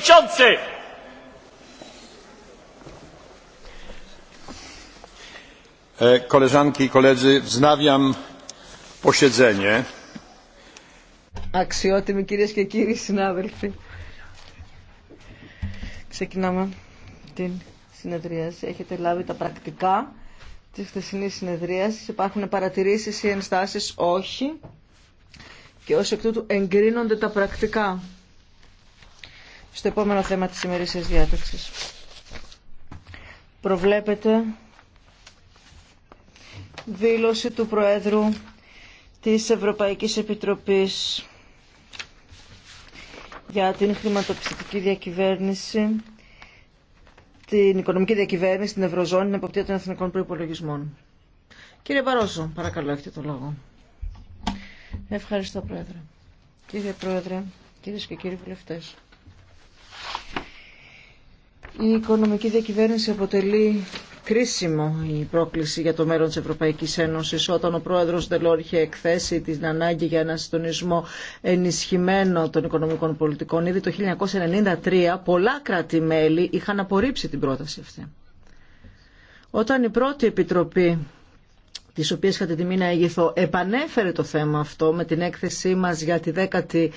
przewodniczący! E, koleżanki i koledzy, wznawiam posiedzenie. Αξιότιμοι κυρίες και κύριοι συνάδελφοι, ξεκινάμε την συνεδρίαση. Έχετε λάβει τα πρακτικά της χθεσινής συνεδρίασης. Υπάρχουν παρατηρήσεις ή ενστάσεις όχι. Και ως εκ τούτου εγκρίνονται τα πρακτικά στο επόμενο θέμα της ημερήσιας διάταξης. Προβλέπεται δήλωση του Προέδρου της Ευρωπαϊκής Επιτροπής για την χρηματοπιστική διακυβέρνηση, την οικονομική διακυβέρνηση, την Ευρωζώνη, την εποπτεία των εθνικών προϋπολογισμών. Κύριε Παρόσο, παρακαλώ, έχετε το λόγο. Ευχαριστώ, Πρόεδρε. Κύριε Πρόεδρε, κύριε και κύριοι βουλευτές. Η οικονομική διακυβέρνηση αποτελεί κρίσιμο η πρόκληση για το μέλλον της Ευρωπαϊκής Ένωσης όταν ο πρόεδρος Ντελόρ είχε εκθέσει την ανάγκη για ένα συντονισμό ενισχυμένο των οικονομικών πολιτικών. Ήδη το 1993 πολλά κράτη-μέλη είχαν απορρίψει την πρόταση αυτή. Όταν η πρώτη επιτροπή της οποίας είχα την τιμή να ηγηθώ, επανέφερε το θέμα αυτό με την έκθεσή μας για τη δέκατη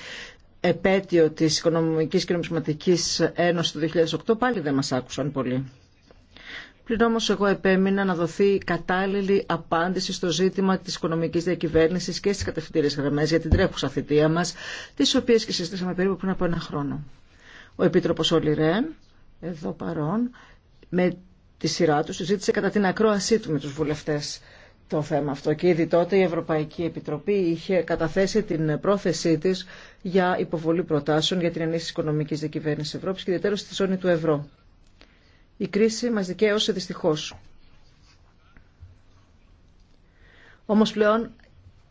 επέτειο της Οικονομικής και Νομισματικής Ένωσης του 2008 πάλι δεν μας άκουσαν πολύ. Πριν όμως εγώ επέμεινα να δοθεί κατάλληλη απάντηση στο ζήτημα της οικονομικής διακυβέρνησης και στις κατευθυντήριες γραμμές για την τρέχουσα θητεία μας, τις οποίες και συζητήσαμε περίπου πριν από ένα χρόνο. Ο Επίτροπος Ρέν, εδώ παρόν, με τη σειρά του συζήτησε κατά την ακρόασή του με τους βουλευτές το θέμα αυτό και ήδη τότε η Ευρωπαϊκή Επιτροπή είχε καταθέσει την πρόθεσή της για υποβολή προτάσεων για την ενίσχυση οικονομικής δικυβέρνησης Ευρώπης και ιδιαίτερα στη ζώνη του ευρώ. Η κρίση μας δικαίωσε δυστυχώς. Όμως πλέον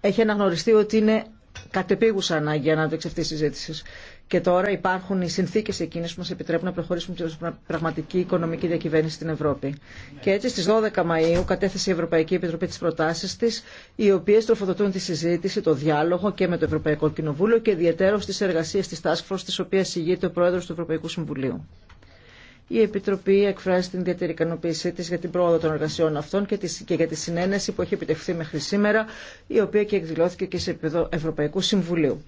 έχει αναγνωριστεί ότι είναι κατεπίγουσα ανάγκη ανάδειξη αυτής της συζήτηση και τώρα υπάρχουν οι συνθήκε εκείνε που μα επιτρέπουν να προχωρήσουμε ως πραγματική οικονομική διακυβέρνηση στην Ευρώπη. Και έτσι στι 12 Μαου κατέθεσε η Ευρωπαϊκή Επιτροπή τι προτάσει τη, οι οποίε τροφοδοτούν τη συζήτηση, το διάλογο και με το Ευρωπαϊκό Κοινοβούλιο και ιδιαίτερω στι εργασίε τη Task Force, τη οποία ηγείται ο Πρόεδρο του Ευρωπαϊκού Συμβουλίου. Η Επιτροπή εκφράζει την ιδιαίτερη ικανοποίησή τη για την πρόοδο των εργασιών αυτών και, και για τη συνένεση που έχει επιτευχθεί μέχρι σήμερα, η οποία και εκδηλώθηκε και σε επίπεδο Ευρωπαϊκού Συμβουλίου.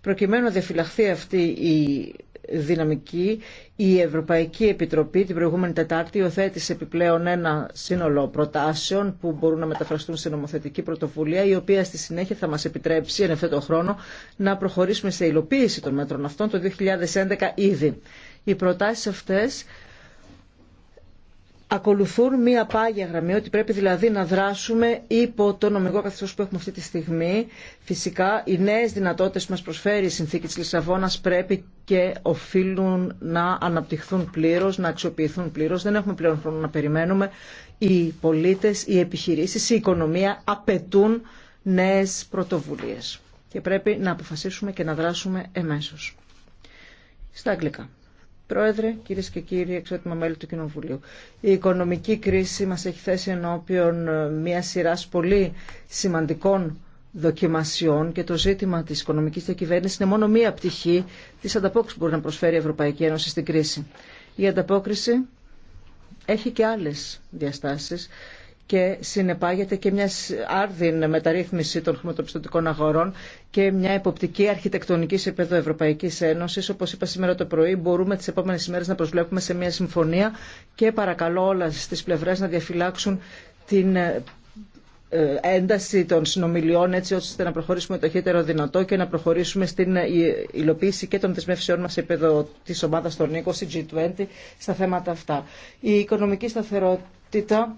Προκειμένου να διαφυλαχθεί αυτή η δυναμική, η Ευρωπαϊκή Επιτροπή την προηγούμενη Τετάρτη υιοθέτησε επιπλέον ένα σύνολο προτάσεων που μπορούν να μεταφραστούν σε νομοθετική πρωτοβουλία, η οποία στη συνέχεια θα μα επιτρέψει, εν ευθέτω χρόνο, να προχωρήσουμε σε υλοποίηση των μέτρων αυτών το 2011 ήδη. Οι προτάσει αυτέ ακολουθούν μία πάγια γραμμή, ότι πρέπει δηλαδή να δράσουμε υπό το νομικό καθεστώ που έχουμε αυτή τη στιγμή. Φυσικά, οι πολίτε, που μας προσφέρει η συνθήκη απαιτούν Λισαβόνας πρέπει και οφείλουν να αναπτυχθούν πλήρως, να αξιοποιηθούν πλήρως. Δεν έχουμε πλέον χρόνο να περιμένουμε. Οι πολίτες, οι επιχειρήσεις, η οικονομία απαιτούν νεε πρωτοβουλιε Και πρέπει να αποφασίσουμε και να δράσουμε εμέσω. Στα αγγλικά. Πρόεδρε, κυρίε και κύριοι, εξότιμα μέλη του Κοινοβουλίου. Η οικονομική κρίση μα έχει θέσει ενώπιον ε, μια σειρά πολύ σημαντικών δοκιμασιών και το ζήτημα τη οικονομική διακυβέρνηση είναι μόνο μία πτυχή τη ανταπόκριση που μπορεί να προσφέρει η Ευρωπαϊκή Ένωση στην κρίση. Η ανταπόκριση έχει και άλλε διαστάσει και συνεπάγεται και μια άρδιν μεταρρύθμιση των χρηματοπιστωτικών αγορών και μια εποπτική αρχιτεκτονική σε επίπεδο Ευρωπαϊκή Ένωση. Όπω είπα σήμερα το πρωί, μπορούμε τι επόμενε ημέρε να προσβλέπουμε σε μια συμφωνία και παρακαλώ όλε τι πλευρέ να διαφυλάξουν την ε, ε, ένταση των συνομιλιών έτσι ώστε να προχωρήσουμε το χύτερο δυνατό και να προχωρήσουμε στην ε, υλοποίηση και των δεσμεύσεων μας επίπεδο της ομάδας των 20 G20 στα θέματα αυτά. Η οικονομική σταθερότητα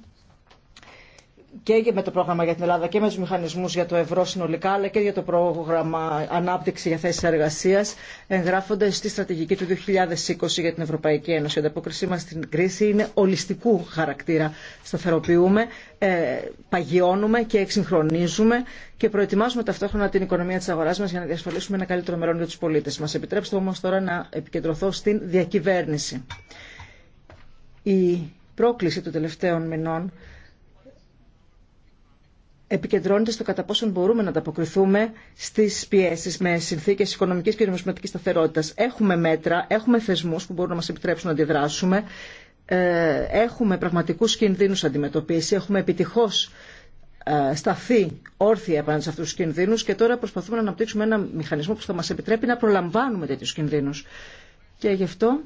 και με το πρόγραμμα για την Ελλάδα και με τους μηχανισμούς για το ευρώ συνολικά αλλά και για το πρόγραμμα ανάπτυξη για θέσεις εργασίας εγγράφονται στη στρατηγική του 2020 για την Ευρωπαϊκή Ένωση. Η ανταπόκρισή μας στην κρίση είναι ολιστικού χαρακτήρα. Σταθεροποιούμε, ε, παγιώνουμε και εξυγχρονίζουμε και προετοιμάζουμε ταυτόχρονα την οικονομία της αγοράς μας για να διασφαλίσουμε ένα καλύτερο μερόν για τους πολίτες μας. Επιτρέψτε όμως τώρα να επικεντρωθώ στην διακυβέρνηση. Η πρόκληση των τελευταίων μηνών επικεντρώνεται στο κατά πόσον μπορούμε να ανταποκριθούμε στι πιέσει με συνθήκε οικονομική και νομισματική σταθερότητα. Έχουμε μέτρα, έχουμε θεσμού που μπορούν να μα επιτρέψουν να αντιδράσουμε. Ε, έχουμε πραγματικού κινδύνου αντιμετωπίσει. Έχουμε επιτυχώ ε, σταθεί όρθια απέναντι σε αυτού του κινδύνου και τώρα προσπαθούμε να αναπτύξουμε ένα μηχανισμό που θα μα επιτρέπει να προλαμβάνουμε τέτοιου κινδύνου. Και γι' αυτό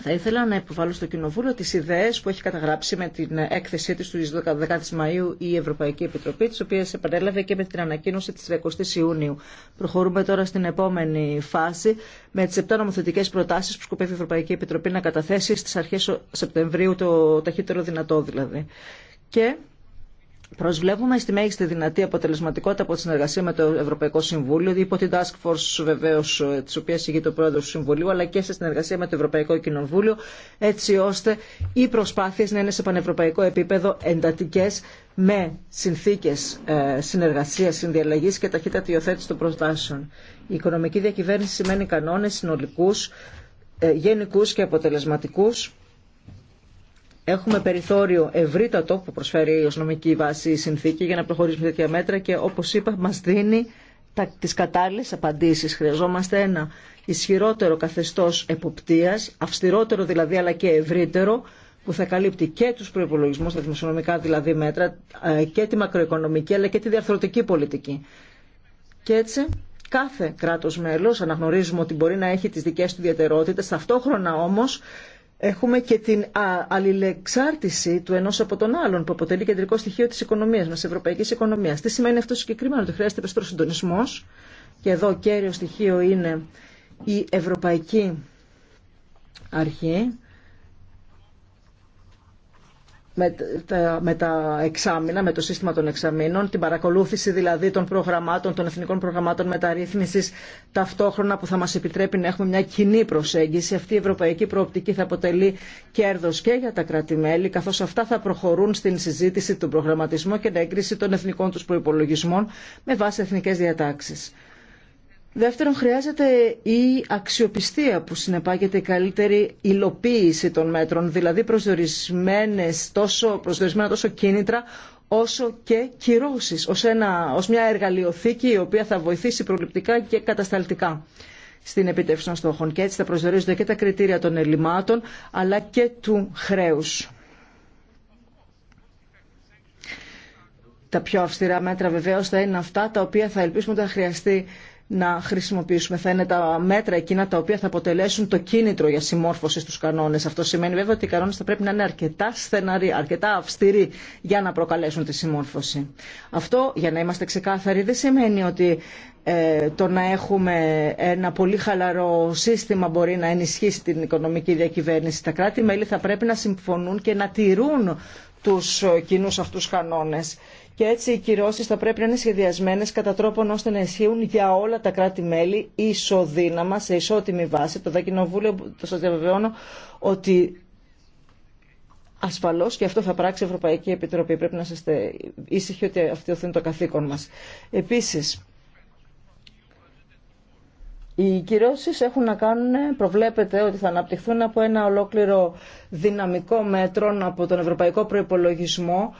θα ήθελα να υποβάλω στο Κοινοβούλιο τις ιδέες που έχει καταγράψει με την έκθεσή της του 10 Μαΐου η Ευρωπαϊκή Επιτροπή, τι οποίε επανέλαβε και με την ανακοίνωση της 20 Ιουνίου. Προχωρούμε τώρα στην επόμενη φάση με τις επτά νομοθετικές προτάσεις που σκοπεύει η Ευρωπαϊκή Επιτροπή να καταθέσει στις αρχές Σεπτεμβρίου, το ταχύτερο δυνατό δηλαδή. Και Προσβλέπουμε στη μέγιστη δυνατή αποτελεσματικότητα από τη συνεργασία με το Ευρωπαϊκό Συμβούλιο, υπό την Task Force βεβαίω, ε, τη οποία ηγείται ο πρόεδρο του Συμβουλίου, αλλά και σε συνεργασία με το Ευρωπαϊκό Κοινοβούλιο, έτσι ώστε οι προσπάθειε να είναι σε πανευρωπαϊκό επίπεδο εντατικέ, με συνθήκε συνεργασία, συνδιαλλαγή και ταχύτατη υιοθέτηση των προστάσεων. Η οικονομική διακυβέρνηση σημαίνει κανόνε συνολικού, ε, γενικού και αποτελεσματικού Έχουμε περιθώριο ευρύτατο που προσφέρει η νομική βάση η συνθήκη για να προχωρήσουμε τέτοια μέτρα και όπως είπα μας δίνει τις κατάλληλες απαντήσεις. Χρειαζόμαστε ένα ισχυρότερο καθεστώς εποπτείας, αυστηρότερο δηλαδή αλλά και ευρύτερο, που θα καλύπτει και τους προϋπολογισμούς, τα δημοσιονομικά δηλαδή μέτρα, ε, και τη μακροοικονομική αλλά και τη διαρθρωτική πολιτική. Και έτσι κάθε κράτος μέλος αναγνωρίζουμε ότι μπορεί να έχει τις δικές του ιδιαιτερότητες, ταυτόχρονα όμως έχουμε και την αλληλεξάρτηση του ενός από τον άλλον που αποτελεί κεντρικό στοιχείο της οικονομίας μα της ευρωπαϊκής οικονομίας. Τι σημαίνει αυτό συγκεκριμένα, ότι χρειάζεται περισσότερο συντονισμό και εδώ κέριο στοιχείο είναι η ευρωπαϊκή αρχή με τα, με τα με το σύστημα των εξαμήνων, την παρακολούθηση δηλαδή των προγραμμάτων, των εθνικών προγραμμάτων μεταρρύθμιση ταυτόχρονα που θα μας επιτρέπει να έχουμε μια κοινή προσέγγιση. Αυτή η ευρωπαϊκή προοπτική θα αποτελεί κέρδος και για τα κράτη-μέλη, καθώς αυτά θα προχωρούν στην συζήτηση, του προγραμματισμού και την έγκριση των εθνικών του προπολογισμών με βάση εθνικέ διατάξει. Δεύτερον, χρειάζεται η αξιοπιστία που συνεπάγεται η καλύτερη υλοποίηση των μέτρων, δηλαδή προσδιορισμένες, τόσο, προσδιορισμένα τόσο κίνητρα όσο και κυρώσεις, ως, ένα, ως μια εργαλειοθήκη η οποία θα βοηθήσει προληπτικά και κατασταλτικά στην επιτεύξη των στόχων. Και έτσι θα προσδιορίζονται και τα κριτήρια των ελλημάτων, αλλά και του χρέους. Τα πιο αυστηρά μέτρα βεβαίως θα είναι αυτά τα οποία θα ελπίσουμε ότι θα χρειαστεί να χρησιμοποιήσουμε. Θα είναι τα μέτρα εκείνα τα οποία θα αποτελέσουν το κίνητρο για συμμόρφωση στους κανόνες. Αυτό σημαίνει βέβαια ότι οι κανόνες θα πρέπει να είναι αρκετά στεναροί, αρκετά αυστηροί για να προκαλέσουν τη συμμόρφωση. Αυτό, για να είμαστε ξεκάθαροι, δεν σημαίνει ότι ε, το να έχουμε ένα πολύ χαλαρό σύστημα μπορεί να ενισχύσει την οικονομική διακυβέρνηση. Τα κράτη-μέλη θα πρέπει να συμφωνούν και να τηρούν τους κοινού αυτούς κανόνες. Και έτσι οι κυρώσεις θα πρέπει να είναι σχεδιασμένες κατά τρόπον ώστε να ισχύουν για όλα τα κράτη-μέλη ισοδύναμα, σε ισότιμη βάση. Το Δακοινοβούλιο, το σας διαβεβαιώνω, ότι ασφαλώς και αυτό θα πράξει η Ευρωπαϊκή Επιτροπή. Πρέπει να είστε ήσυχοι ότι αυτό είναι το καθήκον μας. Επίσης, οι κυρώσει έχουν να κάνουν, προβλέπεται ότι θα αναπτυχθούν από ένα ολόκληρο δυναμικό μέτρο από τον Ευρωπαϊκό Προπολογισμό,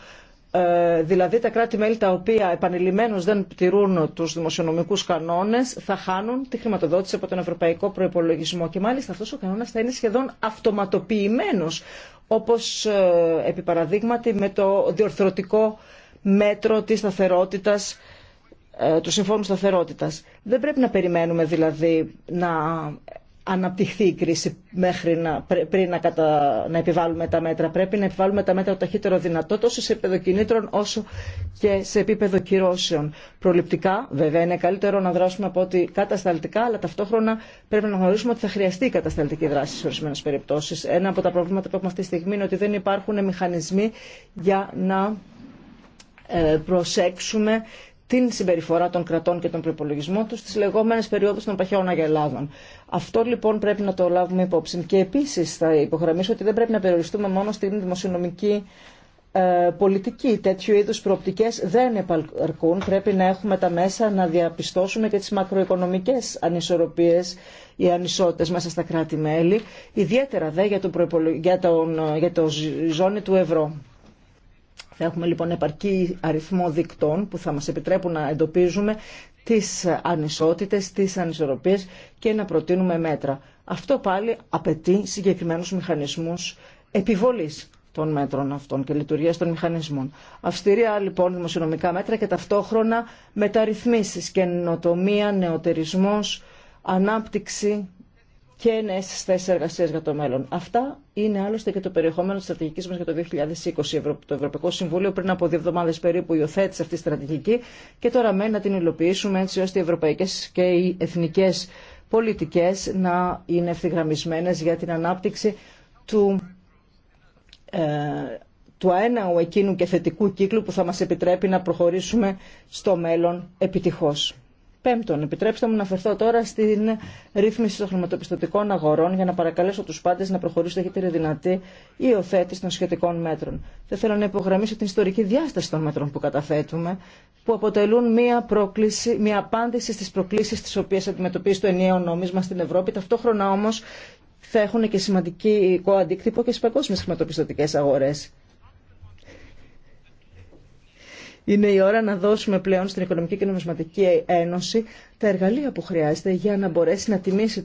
ε, δηλαδή τα κράτη-μέλη τα οποία επανειλημμένως δεν τηρούν τους δημοσιονομικούς κανόνες θα χάνουν τη χρηματοδότηση από τον Ευρωπαϊκό Προϋπολογισμό και μάλιστα αυτός ο κανόνας θα είναι σχεδόν αυτοματοποιημένος όπως ε, επί με το διορθωτικό μέτρο της σταθερότητας ε, του Συμφώνου σταθερότητα. Δεν πρέπει να περιμένουμε δηλαδή να αναπτυχθεί η κρίση μέχρι να, πριν να, κατα, να επιβάλλουμε τα μέτρα. Πρέπει να επιβάλλουμε τα μέτρα το ταχύτερο δυνατό τόσο σε επίπεδο κινήτρων όσο και σε επίπεδο κυρώσεων. Προληπτικά βέβαια είναι καλύτερο να δράσουμε από ότι κατασταλτικά αλλά ταυτόχρονα πρέπει να γνωρίσουμε ότι θα χρειαστεί η κατασταλτική δράση σε ορισμένες περιπτώσεις. Ένα από τα προβλήματα που έχουμε αυτή τη στιγμή είναι ότι δεν υπάρχουν μηχανισμοί για να ε, προσέξουμε την συμπεριφορά των κρατών και τον προπολογισμό του στι λεγόμενε περιόδους των παχαίων αγελάδων. Αυτό λοιπόν πρέπει να το λάβουμε υπόψη. Και επίση θα υπογραμμίσω ότι δεν πρέπει να περιοριστούμε μόνο στην δημοσιονομική ε, πολιτική. Τέτοιου είδου προοπτικέ δεν επαρκούν. Πρέπει να έχουμε τα μέσα να διαπιστώσουμε και τι μακροοικονομικέ ανισορροπίε οι ανισότητε μέσα στα κράτη-μέλη, ιδιαίτερα δε για, τον, για, τον, ε, για το ζώνη του ευρώ. Θα έχουμε λοιπόν επαρκή αριθμό δικτών που θα μας επιτρέπουν να εντοπίζουμε τις ανισότητες, τις ανισορροπίες και να προτείνουμε μέτρα. Αυτό πάλι απαιτεί συγκεκριμένους μηχανισμούς επιβολής των μέτρων αυτών και λειτουργία των μηχανισμών. Αυστηρία λοιπόν δημοσιονομικά μέτρα και ταυτόχρονα μεταρρυθμίσεις, καινοτομία, νεοτερισμός, ανάπτυξη και νέε θέσει εργασία για το μέλλον. Αυτά είναι άλλωστε και το περιεχόμενο τη στρατηγική μα για το 2020. Το Ευρωπαϊκό Συμβούλιο πριν από δύο εβδομάδε περίπου υιοθέτησε αυτή τη στρατηγική και τώρα μένει να την υλοποιήσουμε έτσι ώστε οι ευρωπαϊκέ και οι εθνικέ πολιτικέ να είναι ευθυγραμμισμένε για την ανάπτυξη του, ε, του αέναου εκείνου και θετικού κύκλου που θα μα επιτρέπει να προχωρήσουμε στο μέλλον επιτυχώς. Πέμπτον, επιτρέψτε μου να φερθώ τώρα στην ρύθμιση των χρηματοπιστωτικών αγορών για να παρακαλέσω του πάντε να προχωρήσουν ταχύτερη δυνατή υιοθέτηση των σχετικών μέτρων. Θα θέλω να υπογραμμίσω την ιστορική διάσταση των μέτρων που καταθέτουμε, που αποτελούν μια, πρόκληση, μια απάντηση στι προκλήσει τι οποίε αντιμετωπίζει το ενιαίο νόμισμα στην Ευρώπη. Ταυτόχρονα όμω θα έχουν και σημαντικό αντίκτυπο και στι παγκόσμιε χρηματοπιστωτικέ αγορέ. Είναι η ώρα να δώσουμε πλέον στην Οικονομική και Νομισματική Ένωση τα εργαλεία που χρειάζεται για να μπορέσει να τιμήσει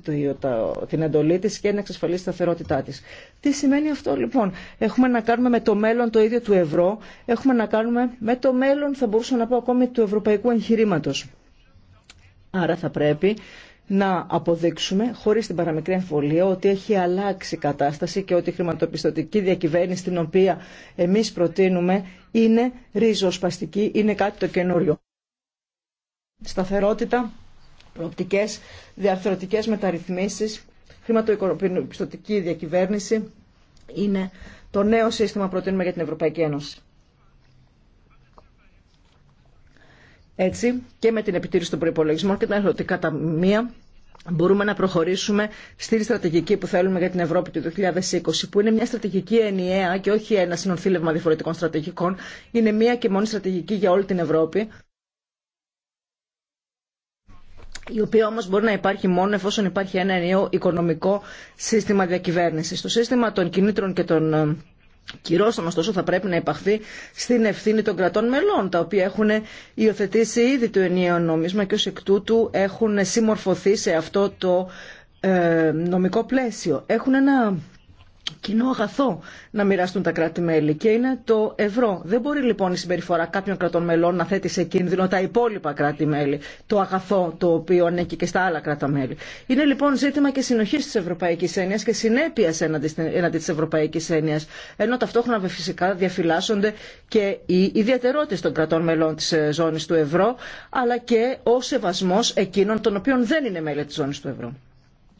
την εντολή τη και να εξασφαλίσει τη σταθερότητά τη. Τι σημαίνει αυτό λοιπόν. Έχουμε να κάνουμε με το μέλλον το ίδιο του ευρώ, έχουμε να κάνουμε με το μέλλον, θα μπορούσα να πω ακόμη, του ευρωπαϊκού εγχειρήματο. Άρα θα πρέπει να αποδείξουμε χωρίς την παραμικρή εμφολία ότι έχει αλλάξει η κατάσταση και ότι η χρηματοπιστωτική διακυβέρνηση την οποία εμείς προτείνουμε είναι ριζοσπαστική, είναι κάτι το καινούριο. Σταθερότητα, προοπτικές, διαρθρωτικές μεταρρυθμίσεις, χρηματοπιστωτική διακυβέρνηση είναι το νέο σύστημα που προτείνουμε για την Ευρωπαϊκή Ένωση. Έτσι και με την επιτήρηση των προπολογισμών και τα ερωτικά ταμεία μπορούμε να προχωρήσουμε στη στρατηγική που θέλουμε για την Ευρώπη του 2020, που είναι μια στρατηγική ενιαία και όχι ένα συνονθήλευμα διαφορετικών στρατηγικών. Είναι μια και μόνη στρατηγική για όλη την Ευρώπη, η οποία όμως μπορεί να υπάρχει μόνο εφόσον υπάρχει ένα ενιαίο οικονομικό σύστημα διακυβέρνηση. Το σύστημα των κινήτρων και των ε, όμως ωστόσο, θα πρέπει να υπαχθεί στην ευθύνη των κρατών μελών, τα οποία έχουν υιοθετήσει ήδη το ενιαίο νόμισμα και ω εκ τούτου έχουν συμμορφωθεί σε αυτό το ε, νομικό πλαίσιο. Έχουν ένα κοινό αγαθό να μοιραστούν τα κράτη-μέλη και είναι το ευρώ. Δεν μπορεί λοιπόν η συμπεριφορά κάποιων κρατών μελών να θέτει σε κίνδυνο τα υπόλοιπα κράτη-μέλη, το αγαθό το οποίο ανήκει και στα άλλα κράτη-μέλη. Είναι λοιπόν ζήτημα και συνοχή τη Ευρωπαϊκή Έννοια και συνέπεια έναντι τη Ευρωπαϊκή Έννοια. Ενώ ταυτόχρονα φυσικά διαφυλάσσονται και οι ιδιαιτερότητε των κρατών μελών τη ε, ζώνη του ευρώ, αλλά και ο σεβασμό εκείνων των οποίων δεν είναι μέλη τη ζώνη του ευρώ.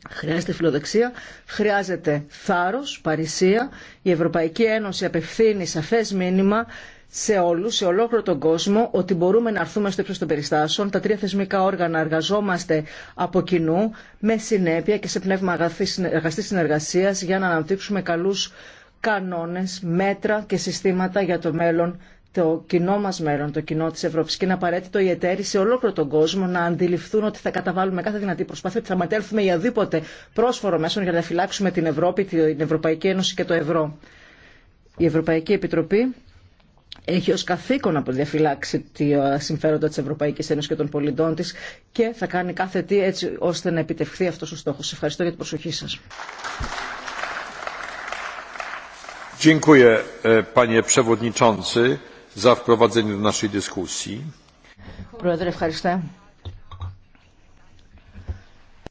Χρειάζεται φιλοδεξία, χρειάζεται θάρρος, παρησία. Η Ευρωπαϊκή Ένωση απευθύνει σαφές μήνυμα σε όλους, σε ολόκληρο τον κόσμο, ότι μπορούμε να έρθουμε στο ύψος των περιστάσεων. Τα τρία θεσμικά όργανα εργαζόμαστε από κοινού, με συνέπεια και σε πνεύμα αγαστή συνεργασίας για να αναπτύξουμε καλούς κανόνες, μέτρα και συστήματα για το μέλλον το κοινό μας μέλλον, το κοινό της Ευρώπης και είναι απαραίτητο οι εταίροι σε ολόκληρο τον κόσμο να αντιληφθούν ότι θα καταβάλουμε κάθε δυνατή προσπάθεια, ότι θα μετέλθουμε για οδήποτε πρόσφορο μέσο για να φυλάξουμε την Ευρώπη, την Ευρωπαϊκή Ένωση και το ευρώ. Η Ευρωπαϊκή Επιτροπή έχει ως καθήκον να διαφυλάξει τη ε, συμφέροντα της Ευρωπαϊκής Ένωσης και των πολιτών της και θα κάνει κάθε τι έτσι ώστε να επιτευχθεί αυτός ο στόχος. ευχαριστώ για την προσοχή σας. Dziękuję, e, panie przewodniczący za ευχαριστώ.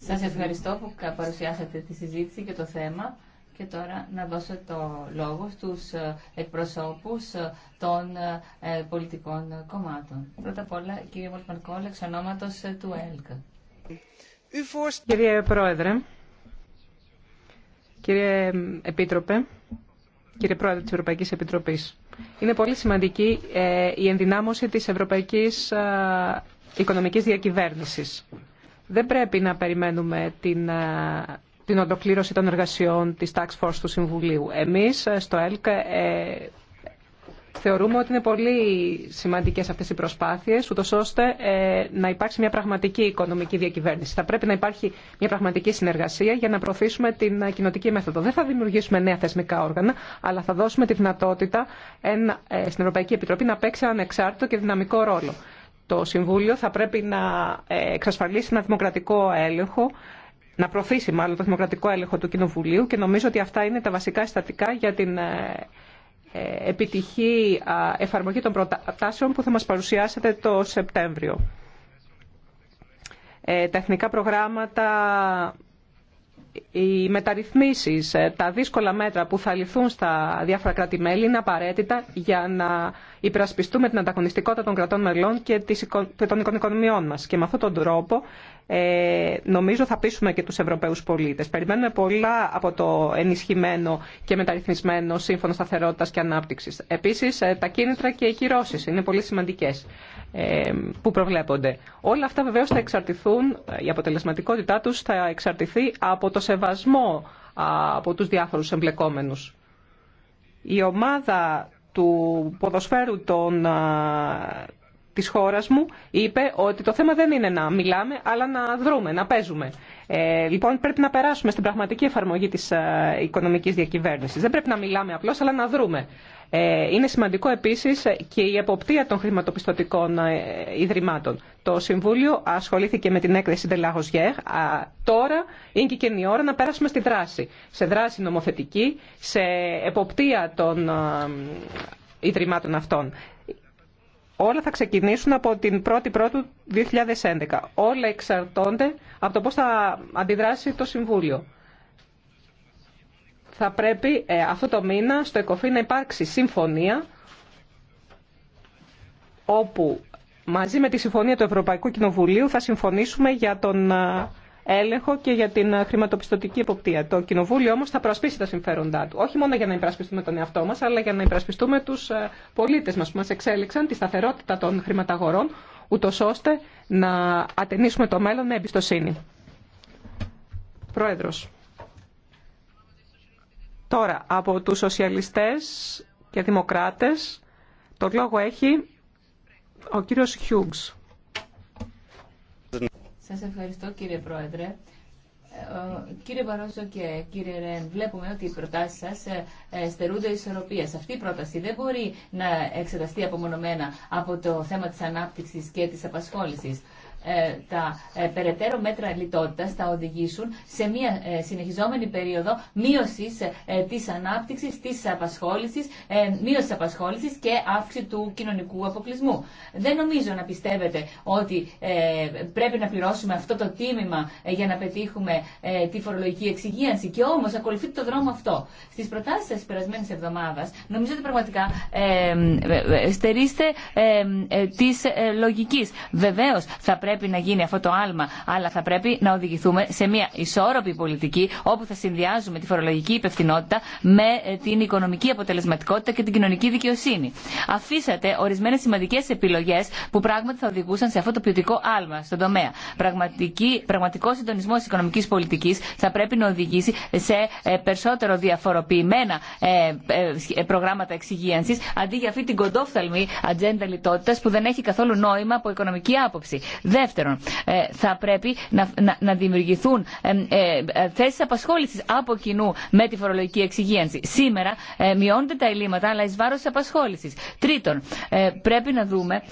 Σας ευχαριστώ που παρουσιάσατε τη συζήτηση και το θέμα και τώρα να δώσω το λόγο στους ε, εκπροσώπους ε, των ε, πολιτικών κομμάτων. Πρώτα απ' όλα, κύριε Μορφανκόλ, εξ ονόματος του ΕΛΚ. Κύριε Πρόεδρε, κύριε Επίτροπε, κύριε Πρόεδρε της Ευρωπαϊκής Επιτροπής, είναι πολύ σημαντική ε, η ενδυνάμωση της ευρωπαϊκής ε, οικονομικής διακυβέρνησης. Δεν πρέπει να περιμένουμε την, ε, την ολοκλήρωση των εργασιών της Tax Force του Συμβουλίου. Εμείς στο ΕΛΚ Θεωρούμε ότι είναι πολύ σημαντικές αυτές οι προσπάθειες, ούτω ώστε ε, να υπάρξει μια πραγματική οικονομική διακυβέρνηση. Θα πρέπει να υπάρχει μια πραγματική συνεργασία για να προωθήσουμε την κοινοτική μέθοδο. Δεν θα δημιουργήσουμε νέα θεσμικά όργανα, αλλά θα δώσουμε τη δυνατότητα ε, στην Ευρωπαϊκή Επιτροπή να παίξει έναν εξάρτητο και δυναμικό ρόλο. Το Συμβούλιο θα πρέπει να ε, εξασφαλίσει ένα δημοκρατικό έλεγχο, να προωθήσει μάλλον το δημοκρατικό έλεγχο του Κοινοβουλίου και νομίζω ότι αυτά είναι τα βασικά συστατικά για την ε, επιτυχή εφαρμογή των προτάσεων που θα μας παρουσιάσετε το Σεπτέμβριο. Ε, τα εθνικά προγράμματα, οι μεταρρυθμίσεις, ε, τα δύσκολα μέτρα που θα ληφθούν στα διάφορα κράτη-μέλη είναι απαραίτητα για να υπερασπιστούμε την ανταγωνιστικότητα των κρατών μελών και των οικονομιών μας. Και με αυτόν τον τρόπο ε, νομίζω θα πείσουμε και τους Ευρωπαίους πολίτες. Περιμένουμε πολλά από το ενισχυμένο και μεταρρυθμισμένο σύμφωνο σταθερότητας και ανάπτυξης. Επίσης, ε, τα κίνητρα και οι κυρώσεις είναι πολύ σημαντικές ε, που προβλέπονται. Όλα αυτά βεβαίως θα εξαρτηθούν, ε, η αποτελεσματικότητά τους θα εξαρτηθεί από το σεβασμό από τους διάφορους εμπλεκόμενους. Η ομάδα του ποδοσφαίρου των της χώρας μου είπε ότι το θέμα δεν είναι να μιλάμε, αλλά να δρούμε, να παίζουμε. Ε, λοιπόν, πρέπει να περάσουμε στην πραγματική εφαρμογή της ε, οικονομικής διακυβέρνησης. Δεν πρέπει να μιλάμε απλώς, αλλά να δρούμε. Ε, είναι σημαντικό επίσης και η εποπτεία των χρηματοπιστωτικών ε, ιδρυμάτων. Το Συμβούλιο ασχολήθηκε με την έκθεση de la Τώρα είναι και καινή ώρα να πέρασουμε στη δράση. Σε δράση νομοθετική, σε εποπτεία των ε, ιδρυμάτων αυτών όλα θα ξεκινήσουν από την 1η Πρώτου 2011. Όλα εξαρτώνται από το πώς θα αντιδράσει το Συμβούλιο. Θα πρέπει ε, αυτό το μήνα στο ΕΚΟΦΗ να υπάρξει συμφωνία όπου μαζί με τη συμφωνία του Ευρωπαϊκού Κοινοβουλίου θα συμφωνήσουμε για τον ε, έλεγχο και για την χρηματοπιστωτική εποπτεία. Το Κοινοβούλιο όμω θα προσπίσει τα συμφέροντά του. Όχι μόνο για να υπερασπιστούμε τον εαυτό μα, αλλά για να υπερασπιστούμε του ε, πολίτε μα που μα εξέλιξαν, τη σταθερότητα των χρηματαγορών, ούτω ώστε να ατενίσουμε το μέλλον με εμπιστοσύνη. Πρόεδρος. Τώρα, από τους σοσιαλιστές και δημοκράτες, το λόγο έχει ο κύριος Χιούγκς. Σας ευχαριστώ κύριε Πρόεδρε. Ε, κύριε Παρόζο και κύριε Ρεν, βλέπουμε ότι οι προτάσει σα ε, ε, στερούνται ισορροπία. Αυτή η πρόταση δεν μπορεί να εξεταστεί απομονωμένα από το θέμα τη ανάπτυξη και τη απασχόληση. Ε, τα ε, περαιτέρω μέτρα λιτότητα θα οδηγήσουν σε μια ε, συνεχιζόμενη περίοδο μείωσης της ανάπτυξης, της απασχόλησης, μείωση απασχόλησης και αύξηση του κοινωνικού αποκλεισμού. Δεν νομίζω να πιστεύετε ότι πρέπει να πληρώσουμε αυτό το τίμημα για να πετύχουμε τη φορολογική εξυγίανση και όμως ακολουθείτε το δρόμο αυτό. Στις προτάσεις τη περασμένης εβδομάδας νομίζω ότι πραγματικά στερείστε της λογικής. θα πρέπει να γίνει αυτό το άλμα, αλλά θα πρέπει να οδηγηθούμε σε μια ισόρροπη πολιτική όπου θα συνδυάζουμε τη φορολογική υπευθυνότητα με ε, την οικονομική αποτελεσματικότητα και την κοινωνική δικαιοσύνη. Αφήσατε ορισμένε σημαντικέ επιλογέ που πράγματι θα οδηγούσαν σε αυτό το ποιοτικό άλμα στον τομέα. Πραγματική, πραγματικό συντονισμό τη οικονομική πολιτική θα πρέπει να οδηγήσει σε ε, περισσότερο διαφοροποιημένα ε, προγράμματα εξυγίανση αντί για αυτή την κοντόφθαλμη ατζέντα λιτότητα που δεν έχει καθόλου νόημα από οικονομική άποψη. Δεύτερον, ε, θα πρέπει να, να, δημιουργηθούν ε, ε, θέσει απασχόληση από κοινού με τη φορολογική εξυγίανση. Σήμερα μειώνονται τα ελλείμματα, αλλά ει βάρο τη απασχόληση. Τρίτον, πρέπει να δούμε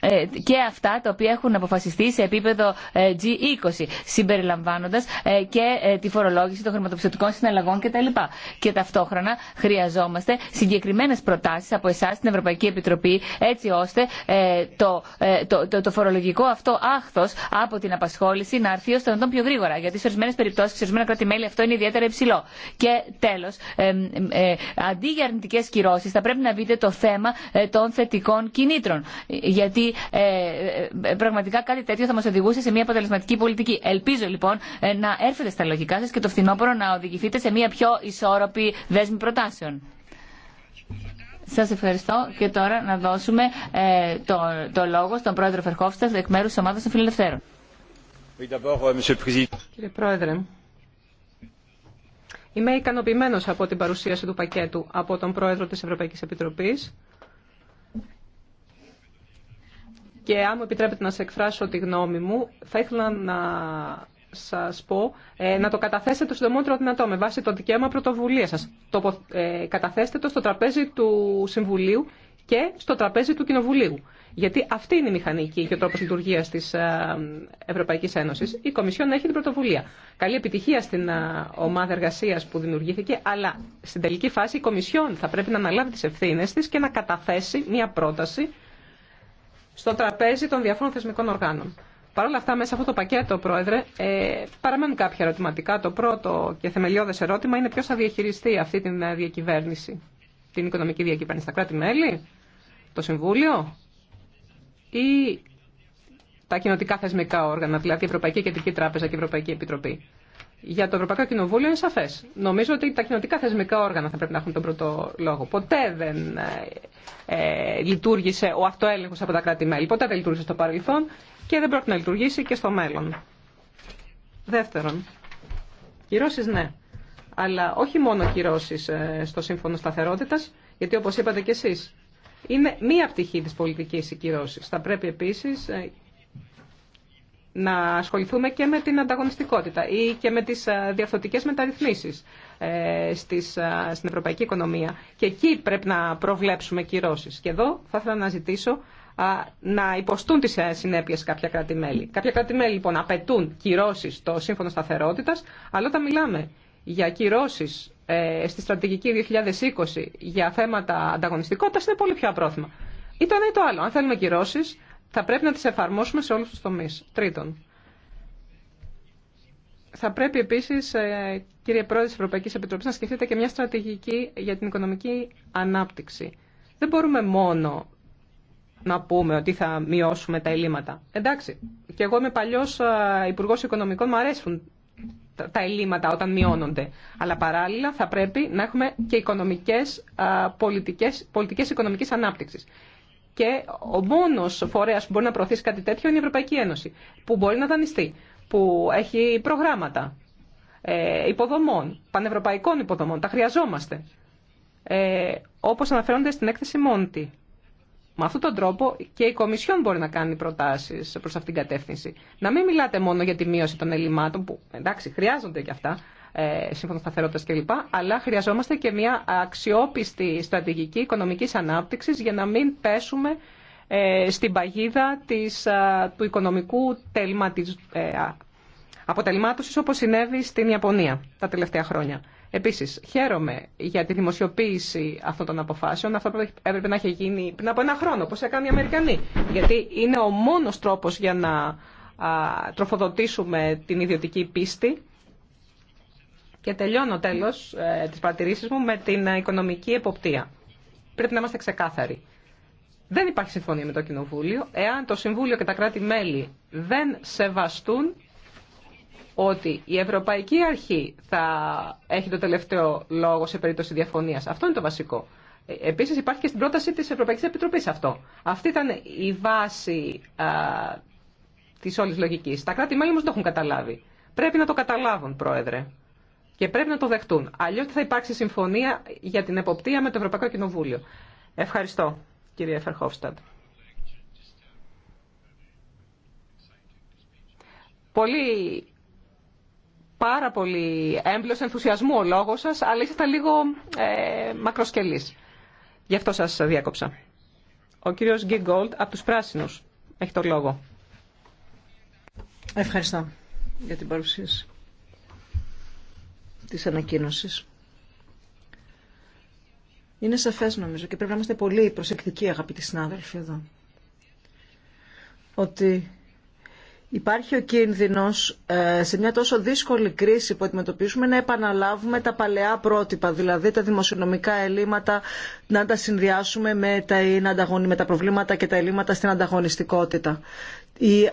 ε, και αυτά τα οποία έχουν αποφασιστεί σε επίπεδο ε, G20, συμπεριλαμβάνοντας ε, και τη φορολόγηση των χρηματοπιστωτικών συναλλαγών κτλ. Και ταυτόχρονα χρειαζόμαστε συγκεκριμένες προτάσεις από εσάς στην Ευρωπαϊκή Επιτροπή, έτσι ώστε το, το, το, φορολογικό αυτό άχθος από την απασχόληση να αρθεί ως τον πιο γρήγορα, γιατί σε ορισμένες περιπτώσεις, σε ορισμένα κράτη-μέλη αυτό είναι ιδιαίτερα υψηλό. Και τέλος, ε, ε, αντί για αρνητικέ κυρώσει θα πρέπει να δείτε το θέμα των θετικών κινήτρων. Γιατί ε, ε, πραγματικά κάτι τέτοιο θα μα οδηγούσε σε μια αποτελεσματική πολιτική. Ελπίζω λοιπόν ε, να έρθετε στα λογικά σα και το φθινόπωρο να οδηγηθείτε σε μια πιο ισόρροπη δέσμη προτάσεων. Σα ευχαριστώ και τώρα να δώσουμε ε, το, το λόγο στον πρόεδρο Φερχόφστα εκ μέρου τη ομάδα των Φιλελευθέρων. Euh, Κύριε Πρόεδρε, είμαι ικανοποιημένο από την παρουσίαση του πακέτου από τον πρόεδρο τη Ευρωπαϊκή Επιτροπή. Και αν μου επιτρέπετε να σε εκφράσω τη γνώμη μου, θα ήθελα να σας πω ε, να το καταθέσετε το συντομότερο δυνατό με βάση το δικαίωμα πρωτοβουλία σας. Το, ε, καταθέστε το στο τραπέζι του Συμβουλίου και στο τραπέζι του Κοινοβουλίου. Γιατί αυτή είναι η μηχανική και ο τρόπο λειτουργία τη ε, Ευρωπαϊκή Ένωση. Η Κομισιόν έχει την πρωτοβουλία. Καλή επιτυχία στην ε, ομάδα εργασία που δημιουργήθηκε, αλλά στην τελική φάση η Κομισιόν θα πρέπει να αναλάβει τι ευθύνε τη και να καταθέσει μια πρόταση στο τραπέζι των διαφόρων θεσμικών οργάνων. Παρ' όλα αυτά, μέσα σε αυτό το πακέτο, Πρόεδρε, ε, παραμένουν κάποια ερωτηματικά. Το πρώτο και θεμελιώδες ερώτημα είναι ποιο θα διαχειριστεί αυτή την ε, διακυβέρνηση, την οικονομική διακυβέρνηση. Τα κράτη-μέλη, το Συμβούλιο ή τα κοινοτικά θεσμικά όργανα, δηλαδή η Ευρωπαϊκή Κεντρική Τράπεζα και η Ευρωπαϊκή Επιτροπή για το Ευρωπαϊκό Κοινοβούλιο είναι σαφέ. Νομίζω ότι τα κοινοτικά θεσμικά όργανα θα πρέπει να έχουν τον πρώτο λόγο. Ποτέ δεν ε, ε λειτουργήσε ο αυτοέλεγχο από τα κράτη-μέλη. Ποτέ δεν λειτουργήσε στο παρελθόν και δεν πρόκειται να λειτουργήσει και στο μέλλον. Δεύτερον, κυρώσει ναι. Αλλά όχι μόνο κυρώσει ε, στο Σύμφωνο Σταθερότητα, γιατί όπω είπατε κι εσεί, είναι μία πτυχή τη πολιτική οι Θα πρέπει επίση ε, να ασχοληθούμε και με την ανταγωνιστικότητα ή και με τις διαφθορτικές μεταρρυθμίσεις ε, στις, στην ευρωπαϊκή οικονομία. Και εκεί πρέπει να προβλέψουμε κυρώσεις. Και εδώ θα ήθελα να ζητήσω να υποστούν τις ε, συνέπειες κάποια κράτη-μέλη. Κάποια κράτη-μέλη λοιπόν απαιτούν κυρώσεις στο σύμφωνο σταθερότητας, αλλά όταν μιλάμε για κυρώσεις ε, στη στρατηγική 2020 για θέματα ανταγωνιστικότητας είναι πολύ πιο απρόθυμα. Ή το ένα ή το άλλο. Αν θέλουμε κυρώσεις, θα πρέπει να τις εφαρμόσουμε σε όλους τους τομείς. Τρίτον, θα πρέπει επίσης, ε, κύριε Πρόεδρε της Ευρωπαϊκής Επιτροπής, να σκεφτείτε και μια στρατηγική για την οικονομική ανάπτυξη. Δεν μπορούμε μόνο να πούμε ότι θα μειώσουμε τα ελλείμματα. Εντάξει, και εγώ είμαι παλιός ε, υπουργό Οικονομικών, μου αρέσουν τα ελλείμματα όταν μειώνονται. Αλλά παράλληλα θα πρέπει να έχουμε και οικονομικές, ε, πολιτικές, πολιτικές οικονομικής ανάπτυξης. Και ο μόνο φορέα που μπορεί να προωθήσει κάτι τέτοιο είναι η Ευρωπαϊκή Ένωση, που μπορεί να δανειστεί, που έχει προγράμματα ε, υποδομών, πανευρωπαϊκών υποδομών. Τα χρειαζόμαστε. Ε, Όπω αναφέρονται στην έκθεση Μόντι. Με αυτόν τον τρόπο και η Κομισιόν μπορεί να κάνει προτάσει προ αυτήν την κατεύθυνση. Να μην μιλάτε μόνο για τη μείωση των ελλημάτων, που εντάξει χρειάζονται και αυτά, ε, σταθερότητα κλπ. Αλλά χρειαζόμαστε και μια αξιόπιστη στρατηγική οικονομική ανάπτυξη για να μην πέσουμε ε, στην παγίδα της, του οικονομικού τελματισ... Ε, αποτελμάτωσης όπως συνέβη στην Ιαπωνία τα τελευταία χρόνια. Επίσης, χαίρομαι για τη δημοσιοποίηση αυτών των αποφάσεων. Αυτό έπρεπε να έχει γίνει πριν από ένα χρόνο, όπως έκανε οι Αμερικανοί. Γιατί είναι ο μόνος τρόπος για να τροφοδοτήσουμε την ιδιωτική πίστη και τελειώνω τέλο ε, τις μου με την οικονομική εποπτεία. Πρέπει να είμαστε ξεκάθαροι. Δεν υπάρχει συμφωνία με το Κοινοβούλιο εάν το Συμβούλιο και τα κράτη-μέλη δεν σεβαστούν ότι η Ευρωπαϊκή Αρχή θα έχει το τελευταίο λόγο σε περίπτωση διαφωνία. Αυτό είναι το βασικό. Επίση υπάρχει και στην πρόταση τη Ευρωπαϊκή Επιτροπή αυτό. Αυτή ήταν η βάση τη της λογική. λογικής. Τα κράτη-μέλη όμω δεν το έχουν καταλάβει. Πρέπει να το καταλάβουν, Πρόεδρε. Και πρέπει να το δεχτούν. Αλλιώ θα υπάρξει συμφωνία για την εποπτεία με το Ευρωπαϊκό Κοινοβούλιο. Ευχαριστώ, κύριε Φερχόφσταντ. Πολύ, πάρα πολύ έμπλος ενθουσιασμού ο λόγος σας, αλλά είστε λίγο ε, μακροσκελής. Γι' αυτό σας διάκοψα. Ο κύριος Γκίγκολτ από τους Πράσινους έχει το λόγο. Ευχαριστώ για την παρουσίαση της ανακοίνωσης. Είναι σαφές νομίζω και πρέπει να είμαστε πολύ προσεκτικοί αγαπητοί συνάδελφοι εδώ. Ότι Υπάρχει ο κίνδυνος ε, σε μια τόσο δύσκολη κρίση που αντιμετωπίζουμε να επαναλάβουμε τα παλαιά πρότυπα, δηλαδή τα δημοσιονομικά ελλείμματα, να τα συνδυάσουμε με τα, με τα προβλήματα και τα ελλείμματα στην ανταγωνιστικότητα. Η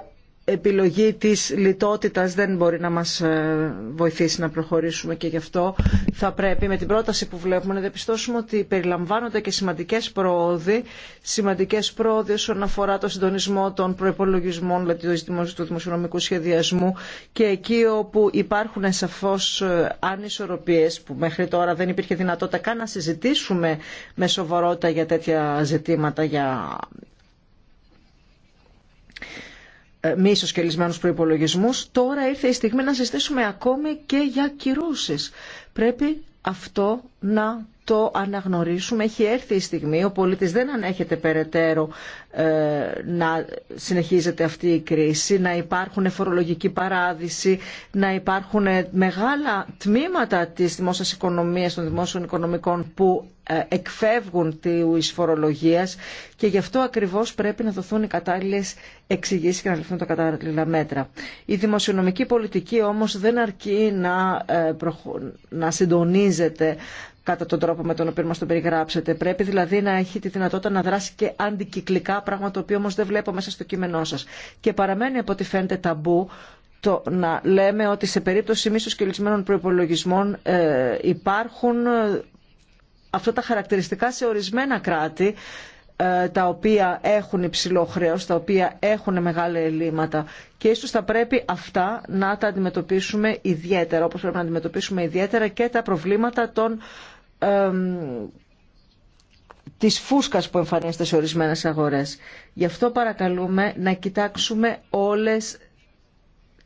επιλογή της λιτότητας δεν μπορεί να μας ε, βοηθήσει να προχωρήσουμε και γι' αυτό θα πρέπει με την πρόταση που βλέπουμε να διαπιστώσουμε ότι περιλαμβάνονται και σημαντικές πρόοδοι, σημαντικές πρόοδοι όσον αφορά το συντονισμό των προϋπολογισμών, δηλαδή του δημοσιονομικού σχεδιασμού και εκεί όπου υπάρχουν σαφώς ε, ανισορροπίες που μέχρι τώρα δεν υπήρχε δυνατότητα καν να συζητήσουμε με σοβαρότητα για τέτοια ζητήματα, για και ε, ισοσκελισμένους προϋπολογισμούς, τώρα ήρθε η στιγμή να συστήσουμε ακόμη και για κυρώσεις. Πρέπει αυτό να το αναγνωρίσουμε. Έχει έρθει η στιγμή, ο πολίτης δεν ανέχεται περαιτέρω ε, να συνεχίζεται αυτή η κρίση, να υπάρχουν φορολογική παράδειση, να υπάρχουν ε, μεγάλα τμήματα της δημόσιας οικονομίας, των δημόσιων οικονομικών που ε, εκφεύγουν τη φορολογία. και γι' αυτό ακριβώς πρέπει να δοθούν οι κατάλληλες εξηγήσεις και να ληφθούν τα κατάλληλα μέτρα. Η δημοσιονομική πολιτική όμως δεν αρκεί να, να συντονίζεται κατά τον τρόπο με τον οποίο μας τον περιγράψετε. Πρέπει δηλαδή να έχει τη δυνατότητα να δράσει και αντικυκλικά, πράγμα το οποίο όμως δεν βλέπω μέσα στο κείμενό σας. Και παραμένει από ό,τι φαίνεται ταμπού το να λέμε ότι σε περίπτωση μίσους και λυσμένων προϋπολογισμών ε, υπάρχουν ε, αυτά τα χαρακτηριστικά σε ορισμένα κράτη ε, τα οποία έχουν υψηλό χρέος, τα οποία έχουν μεγάλα ελλείμματα και ίσως θα πρέπει αυτά να τα αντιμετωπίσουμε ιδιαίτερα, όπως πρέπει να αντιμετωπίσουμε ιδιαίτερα και τα προβλήματα των της φούσκας που εμφανίζεται σε ορισμένες αγορές. Γι' αυτό παρακαλούμε να κοιτάξουμε όλες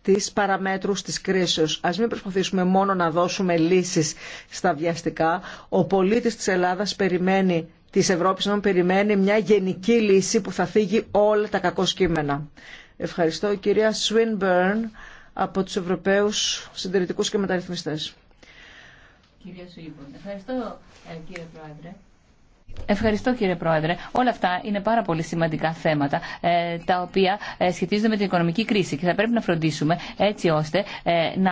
τις παραμέτρους της κρίσεως. Ας μην προσπαθήσουμε μόνο να δώσουμε λύσεις στα βιαστικά. Ο πολίτης της Ελλάδας περιμένει, της Ευρώπης να περιμένει μια γενική λύση που θα φύγει όλα τα κακό σκήμενα. Ευχαριστώ κυρία Σουίνμπερν από τους Ευρωπαίους Συντηρητικούς και Μεταρρυθμιστές. Κυρία Σουήπον. Ευχαριστώ, ε, κύριε Πρόεδρε. Ευχαριστώ κύριε Πρόεδρε. Όλα αυτά είναι πάρα πολύ σημαντικά θέματα ε, τα οποία ε, σχετίζονται με την οικονομική κρίση και θα πρέπει να φροντίσουμε έτσι ώστε ε, να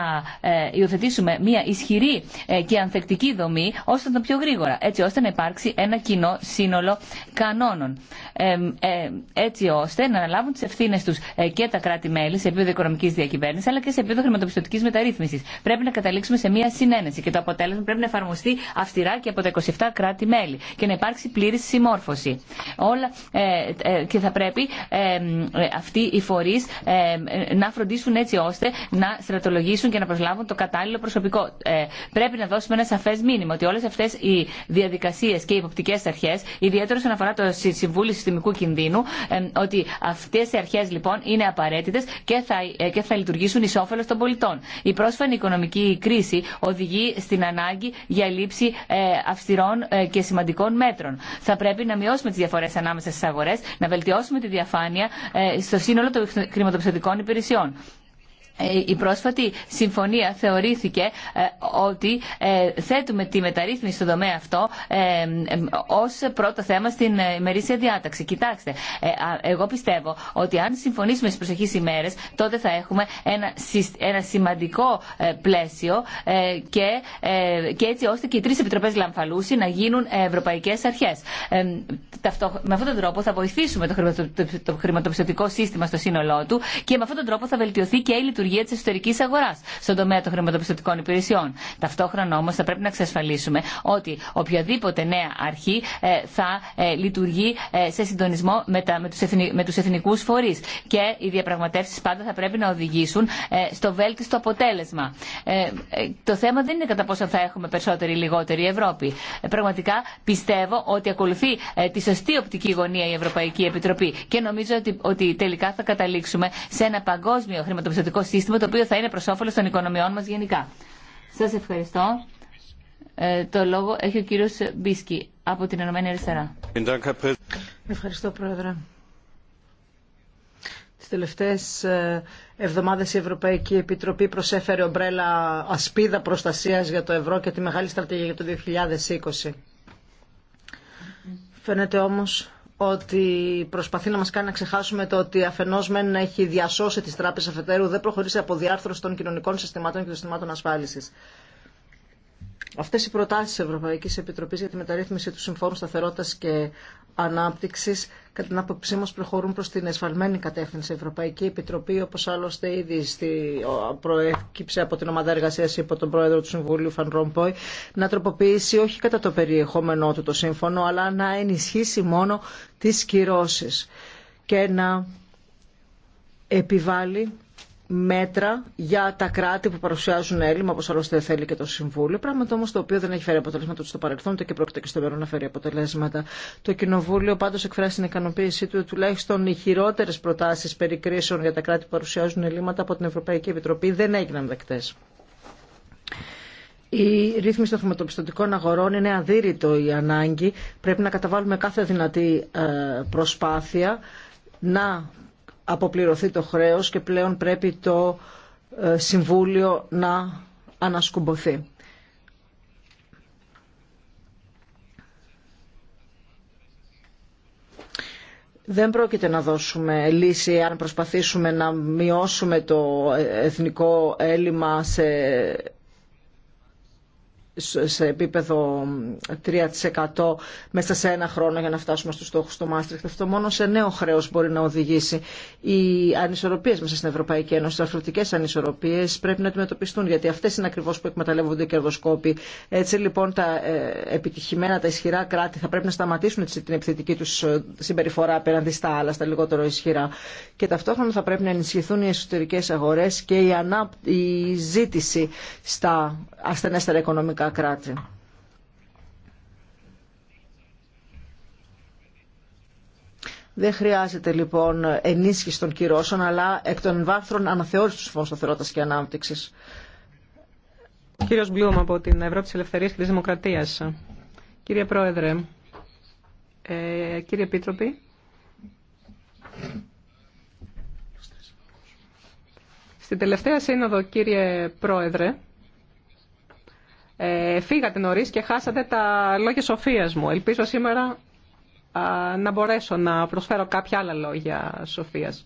υιοθετήσουμε μια ισχυρή και ανθεκτική δομή ώστε το πιο γρήγορα. Έτσι ώστε να υπάρξει ένα κοινό σύνολο κανόνων. Έτσι ώστε να αναλάβουν τι ευθύνε του και τα κράτη-μέλη σε επίπεδο οικονομική διακυβέρνηση αλλά και σε επίπεδο χρηματοπιστωτική μεταρρύθμιση. Πρέπει να καταλήξουμε σε μια συνένεση και το αποτέλεσμα πρέπει να εφαρμοστεί αυστηρά και από τα 27 κράτη-μέλη και να υπάρξει πλήρη συμμόρφωση. Όλα, ε, ε, και θα πρέπει ε, αυτοί οι φορεί να φροντίσουν έτσι ώστε να στρατολογήσουν και να προσλάβουν το κατάλληλο προσωπικό. Πρέπει να δώσουμε ένα σαφέ μήνυμα ότι όλε αυτέ οι διαδικασίε και οι υποπτικέ αρχέ, ιδιαίτερα όσον αφορά το Συμβούλιο Συστημικού Κινδύνου, ότι αυτέ οι αρχέ λοιπόν είναι απαραίτητε και θα, και θα λειτουργήσουν ει όφελο των πολιτών. Η πρόσφατη οικονομική κρίση οδηγεί στην ανάγκη για λήψη αυστηρών και σημαντικών μέτρων θα πρέπει να μειώσουμε τι διαφορέ ανάμεσα στι αγορέ, να βελτιώσουμε τη διαφάνεια ε, στο σύνολο των χρηματοπιστωτικών υπηρεσιών. Ε, η πρόσφατη συμφωνία θεωρήθηκε ε, ότι ε, θέτουμε τη μεταρρύθμιση στο δομέα αυτό ως πρώτο θέμα στην ημερήσια διάταξη. Κοιτάξτε, εγώ πιστεύω ότι αν συμφωνήσουμε στις προσεχείς ημέρες τότε θα έχουμε ένα σημαντικό πλαίσιο και έτσι ώστε και οι τρεις επιτροπές Λαμφαλούση να γίνουν ευρωπαϊκές αρχές. Με αυτόν τον τρόπο θα βοηθήσουμε το χρηματοπιστωτικό σύστημα στο σύνολό του και με αυτόν τον τρόπο θα βελτιωθεί και η λειτουργία λειτουργία τη εσωτερική αγορά στον τομέα των χρηματοπιστωτικών υπηρεσιών. Ταυτόχρονα όμω θα πρέπει να εξασφαλίσουμε ότι οποιαδήποτε νέα αρχή ε, θα ε, λειτουργεί ε, σε συντονισμό με, με, τους, με εθνικούς φορείς και οι διαπραγματεύσεις πάντα θα πρέπει να οδηγήσουν στο βέλτιστο αποτέλεσμα. Το θέμα δεν είναι κατά πόσο θα έχουμε περισσότερη ή λιγότερη Ευρώπη. Πραγματικά πιστεύω ότι ακολουθεί τη σωστή οπτική γωνία η Ευρωπαϊκή Επιτροπή και νομίζω ότι, τελικά θα καταλήξουμε σε ένα παγκόσμιο χρηματοπιστωτικό σύστημα σύστημα το οποίο θα είναι προ όφελο των οικονομιών μα γενικά. Σα ευχαριστώ. Ε, το λόγο έχει ο κύριο Μπίσκι από την Ενωμένη ΕΕ. Αριστερά. Ευχαριστώ, Πρόεδρε. Τι τελευταίε ε, εβδομάδε η Ευρωπαϊκή Επιτροπή προσέφερε ομπρέλα ασπίδα προστασία για το ευρώ και τη μεγάλη στρατηγία για το 2020. Φαίνεται όμως ότι προσπαθεί να μας κάνει να ξεχάσουμε το ότι αφενός μεν έχει διασώσει τις τράπεζες αφετέρου δεν προχωρήσει από διάρθρωση των κοινωνικών συστημάτων και των συστημάτων ασφάλισης. Αυτέ οι προτάσεις τη Ευρωπαϊκής Επιτροπής για τη μεταρρύθμιση του Συμφώνου Σταθερότητας και Ανάπτυξης κατά την άποψή μα προχωρούν προς την εσφαλμένη κατεύθυνση. Η Ευρωπαϊκή Επιτροπή, όπως άλλωστε ήδη στη, προέκυψε από την ομάδα εργασία υπό τον πρόεδρο του Συμβουλίου Φαν Ρομπόι, να τροποποιήσει όχι κατά το περιεχόμενό του το σύμφωνο, αλλά να ενισχύσει μόνο τι κυρώσει και να επιβάλλει μέτρα για τα κράτη που παρουσιάζουν έλλειμμα, όπω άλλωστε θέλει και το Συμβούλιο. Πράγμα το όμω το οποίο δεν έχει φέρει αποτελέσματα στο παρελθόν, ούτε και πρόκειται και στο μέλλον να φέρει αποτελέσματα. Το Κοινοβούλιο πάντω εκφράσει την ικανοποίησή του τουλάχιστον οι χειρότερε προτάσει περί κρίσεων για τα κράτη που παρουσιάζουν έλλειμματα από την Ευρωπαϊκή Επιτροπή δεν έγιναν δεκτέ. Η ρύθμιση των χρηματοπιστωτικών αγορών είναι αδύρυτο η ανάγκη. Πρέπει να καταβάλουμε κάθε δυνατή ε, προσπάθεια να αποπληρωθεί το χρέος και πλέον πρέπει το ε, Συμβούλιο να ανασκουμποθεί. Δεν πρόκειται να δώσουμε λύση αν προσπαθήσουμε να μειώσουμε το εθνικό έλλειμμα σε σε επίπεδο 3% μέσα σε ένα χρόνο για να φτάσουμε στους στόχους του Μάστριχτ. Αυτό μόνο σε νέο χρέος μπορεί να οδηγήσει. Οι ανισορροπίες μέσα στην Ευρωπαϊκή Ένωση, οι αρθρωτικές ανισορροπίες πρέπει να αντιμετωπιστούν γιατί αυτές είναι ακριβώς που εκμεταλλεύονται οι κερδοσκόποι. Έτσι λοιπόν τα ε, επιτυχημένα, τα ισχυρά κράτη θα πρέπει να σταματήσουν την επιθετική τους ε, συμπεριφορά απέναντι στα άλλα, στα λιγότερο ισχυρά. Και ταυτόχρονα θα πρέπει να ενισχυθούν οι εσωτερικές αγορές και η, η ζήτηση στα ασθενέστερα οικονομικά κράτη. Δεν χρειάζεται λοιπόν ενίσχυση των κυρώσεων, αλλά εκ των βάθρων αναθεώρηση του Συμφώνου Σταθερότητα και Ανάπτυξη. Κύριο Μπλουμ από την Ευρώπη τη Ελευθερία και τη Δημοκρατία. Κύριε Πρόεδρε, ε, κύριε Επίτροπη. Στην τελευταία σύνοδο, κύριε Πρόεδρε, ε, φύγατε νωρί και χάσατε τα λόγια σοφίας μου. Ελπίζω σήμερα να μπορέσω να προσφέρω κάποια άλλα λόγια σοφίας.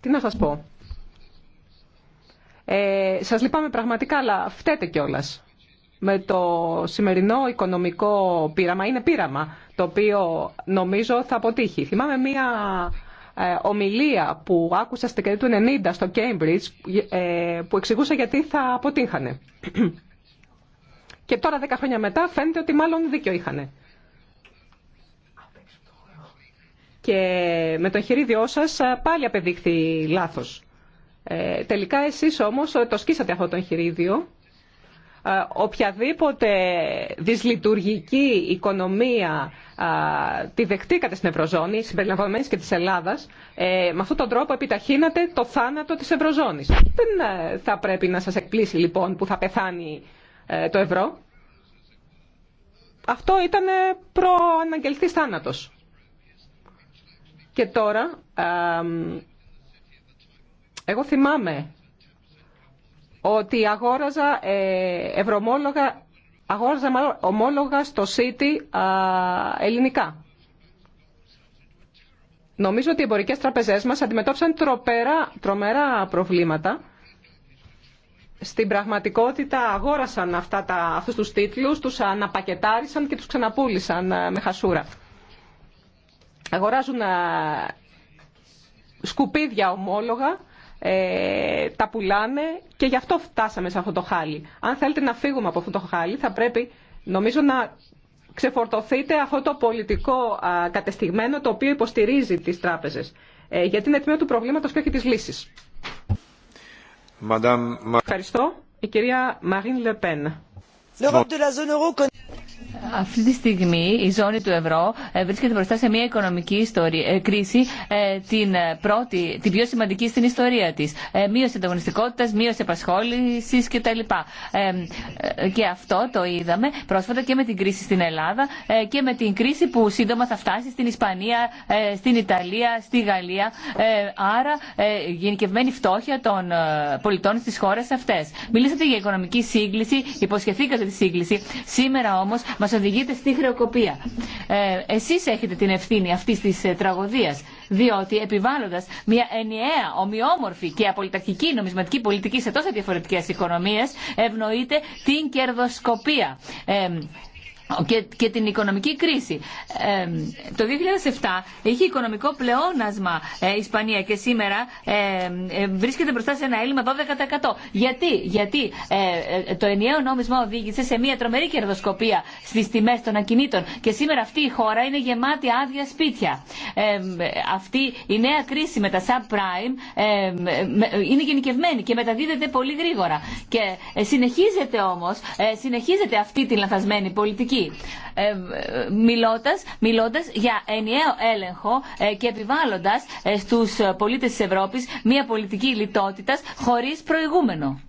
Τι να σα πω. Ε, σας λυπάμαι πραγματικά, αλλά φταίτε κιόλα. Με το σημερινό οικονομικό πείραμα, είναι πείραμα, το οποίο νομίζω θα αποτύχει. Θυμάμαι μία ε, ομιλία που άκουσα στην δεκαετία του 90 στο Cambridge ε, που εξηγούσε γιατί θα αποτύχανε. Και τώρα, δέκα χρόνια μετά, φαίνεται ότι μάλλον δίκιο είχανε. Και με το εγχειρίδιό σας ε, πάλι απεδείχθη λάθος. τελικά εσείς όμως το σκίσατε αυτό το εγχειρίδιο ε, οποιαδήποτε δυσλειτουργική οικονομία ε, τη δεχτήκατε στην Ευρωζώνη, συμπεριλαμβανομένης και της Ελλάδας, ε, με αυτόν τον τρόπο επιταχύνατε το θάνατο της Ευρωζώνης. Δεν θα πρέπει να σας εκπλήσει λοιπόν που θα πεθάνει το ευρώ. Αυτό ήταν προαναγγελθής θάνατος. Και τώρα, εγώ θυμάμαι ότι αγόραζα ε, ευρωμόλογα, αγόραζα ομόλογα στο City ελληνικά. Νομίζω ότι οι εμπορικές τραπεζές μας αντιμετώπισαν τροπέρα, τρομερά προβλήματα. Στην πραγματικότητα αγόρασαν αυτά τα, αυτούς τους τίτλους, τους αναπακετάρισαν και τους ξαναπούλησαν ε, με χασούρα. Αγοράζουν ε, σκουπίδια ομόλογα ε, τα πουλάνε και γι' αυτό φτάσαμε σε αυτό το χάλι. Αν θέλετε να φύγουμε από αυτό το χάλι θα πρέπει νομίζω να ξεφορτωθείτε αυτό το πολιτικό α, κατεστηγμένο το οποίο υποστηρίζει τις τράπεζες. Ε, γιατί είναι τμήμα του προβλήματος και όχι της λύσης. Madame... Ευχαριστώ. Η κυρία Μαρίν Λεπέν. Αυτή τη στιγμή η ζώνη του ευρώ ε, βρίσκεται μπροστά σε μια οικονομική ιστορία, ε, κρίση, ε, την, πρώτη, την πιο σημαντική στην ιστορία της. Μείωση ανταγωνιστικότητας, μείωση επασχόλησης κτλ. Και αυτό το είδαμε πρόσφατα και με την κρίση στην Ελλάδα και με την κρίση που σύντομα θα φτάσει στην Ισπανία, στην Ιταλία, στη Γαλλία. Άρα γενικευμένη φτώχεια των πολιτών στις χώρες αυτές. Μιλήσατε για οικονομική σύγκληση, υποσχεθήκατε τη σύγκληση. Σήμερα όμως μας οδηγείτε στη χρεοκοπία. Ε, εσείς έχετε την ευθύνη αυτής της ε, τραγωδίας, διότι επιβάλλοντας μια ενιαία, ομοιόμορφη και απολυταρχική νομισματική πολιτική σε τόσα διαφορετικές οικονομίες, ευνοείται την κερδοσκοπία. Ε, και, την οικονομική κρίση. Ε, το 2007 είχε οικονομικό πλεόνασμα ε, η Ισπανία και σήμερα ε, ε, βρίσκεται μπροστά σε ένα έλλειμμα 12%. Γιατί, γιατί το ενιαίο νόμισμα οδήγησε σε μια τρομερή κερδοσκοπία στι τιμέ των ακινήτων και σήμερα αυτή η χώρα είναι γεμάτη άδεια σπίτια. αυτή η νέα κρίση με τα subprime είναι γενικευμένη και μεταδίδεται πολύ γρήγορα. Και συνεχίζεται όμω συνεχίζεται αυτή τη λανθασμένη πολιτική ε, ε, μιλώντας, μιλώντας για ενιαίο έλεγχο ε, και επιβάλλοντας στους πολίτες της Ευρώπης μια πολιτική λιτότητας χωρίς προηγούμενο.